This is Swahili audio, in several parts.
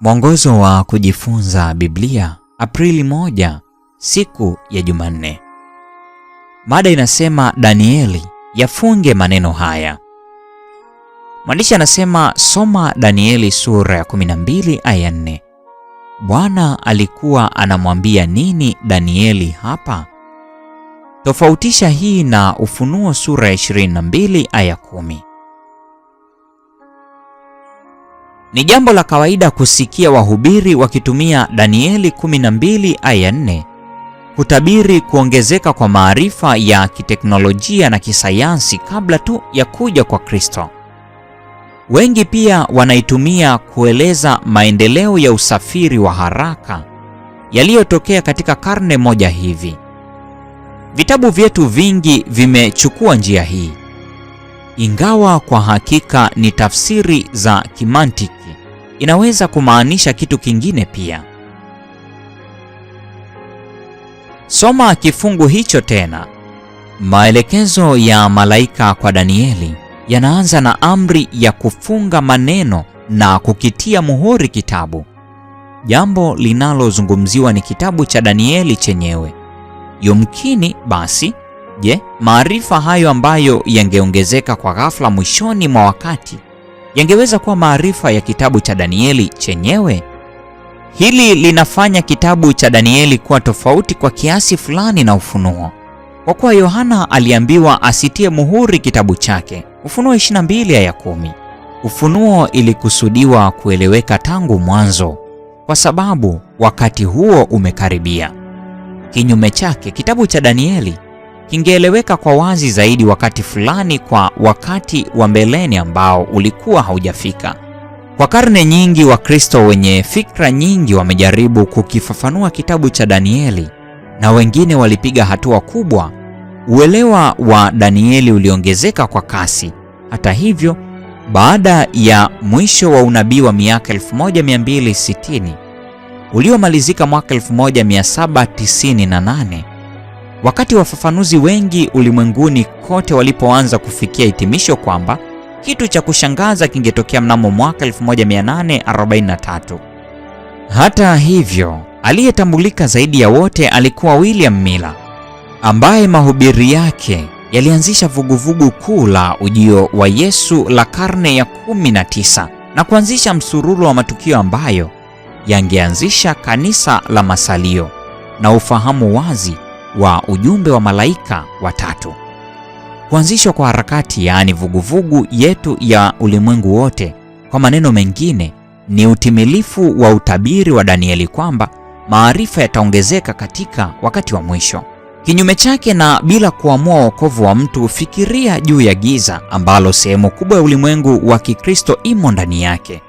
Mwongozo wa kujifunza Biblia, Aprili moja, siku ya Jumanne. Mada inasema Danieli yafunge maneno haya. Mwandishi anasema soma Danieli sura ya 12 aya 4. Bwana alikuwa anamwambia nini Danieli hapa? Tofautisha hii na Ufunuo sura ya 22 aya 10. Ni jambo la kawaida kusikia wahubiri wakitumia Danieli 12 aya 4 kutabiri kuongezeka kwa maarifa ya kiteknolojia na kisayansi kabla tu ya kuja kwa Kristo. Wengi pia wanaitumia kueleza maendeleo ya usafiri wa haraka yaliyotokea katika karne moja hivi. Vitabu vyetu vingi vimechukua njia hii, ingawa kwa hakika ni tafsiri za kimantiki inaweza kumaanisha kitu kingine pia. Soma kifungu hicho tena. Maelekezo ya malaika kwa Danieli yanaanza na amri ya kufunga maneno na kukitia muhuri kitabu. Jambo linalozungumziwa ni kitabu cha Danieli chenyewe. Yumkini basi, je, maarifa hayo ambayo yangeongezeka kwa ghafla mwishoni mwa wakati yangeweza kuwa maarifa ya kitabu cha Danieli chenyewe. Hili linafanya kitabu cha Danieli kuwa tofauti kwa kiasi fulani na Ufunuo, kwa kuwa Yohana aliambiwa asitie muhuri kitabu chake, Ufunuo 22 aya 10. Ufunuo ilikusudiwa kueleweka tangu mwanzo, kwa sababu wakati huo umekaribia. Kinyume chake, kitabu cha Danieli kingeeleweka kwa wazi zaidi wakati fulani kwa wakati wa mbeleni ambao ulikuwa haujafika. Kwa karne nyingi, Wakristo wenye fikra nyingi wamejaribu kukifafanua kitabu cha Danieli na wengine walipiga hatua kubwa. Uelewa wa Danieli uliongezeka kwa kasi. Hata hivyo, baada ya mwisho wa unabii wa miaka 1260 uliomalizika mwaka 1798 Wakati wafafanuzi wengi ulimwenguni kote walipoanza kufikia hitimisho kwamba kitu cha kushangaza kingetokea mnamo mwaka 1843. Hata hivyo, aliyetambulika zaidi ya wote alikuwa William Miller ambaye mahubiri yake yalianzisha vuguvugu kuu la ujio wa Yesu la karne ya 19 na kuanzisha msururu wa matukio ambayo yangeanzisha kanisa la masalio na ufahamu wazi wa ujumbe wa malaika watatu. Kuanzishwa kwa harakati yaani vuguvugu yetu ya ulimwengu wote, kwa maneno mengine, ni utimilifu wa utabiri wa Danieli kwamba maarifa yataongezeka katika wakati wa mwisho. Kinyume chake na bila kuamua wokovu wa mtu, fikiria juu ya giza ambalo sehemu kubwa ya ulimwengu wa Kikristo imo ndani yake.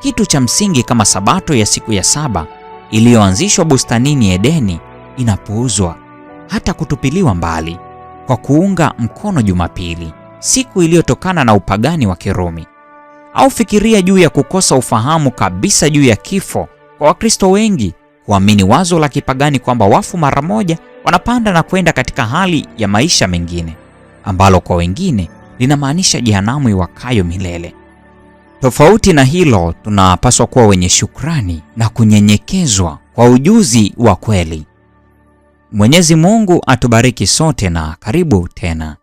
Kitu cha msingi kama Sabato ya siku ya saba iliyoanzishwa bustanini Edeni inapuuzwa hata kutupiliwa mbali kwa kuunga mkono Jumapili, siku iliyotokana na upagani wa Kirumi. Au fikiria juu ya kukosa ufahamu kabisa juu ya kifo kwa Wakristo wengi kuamini wazo la kipagani kwamba wafu mara moja wanapanda na kwenda katika hali ya maisha mengine ambalo kwa wengine linamaanisha jehanamu iwakayo milele. Tofauti na hilo, tunapaswa kuwa wenye shukrani na kunyenyekezwa kwa ujuzi wa kweli Mwenyezi Mungu atubariki sote na karibu tena.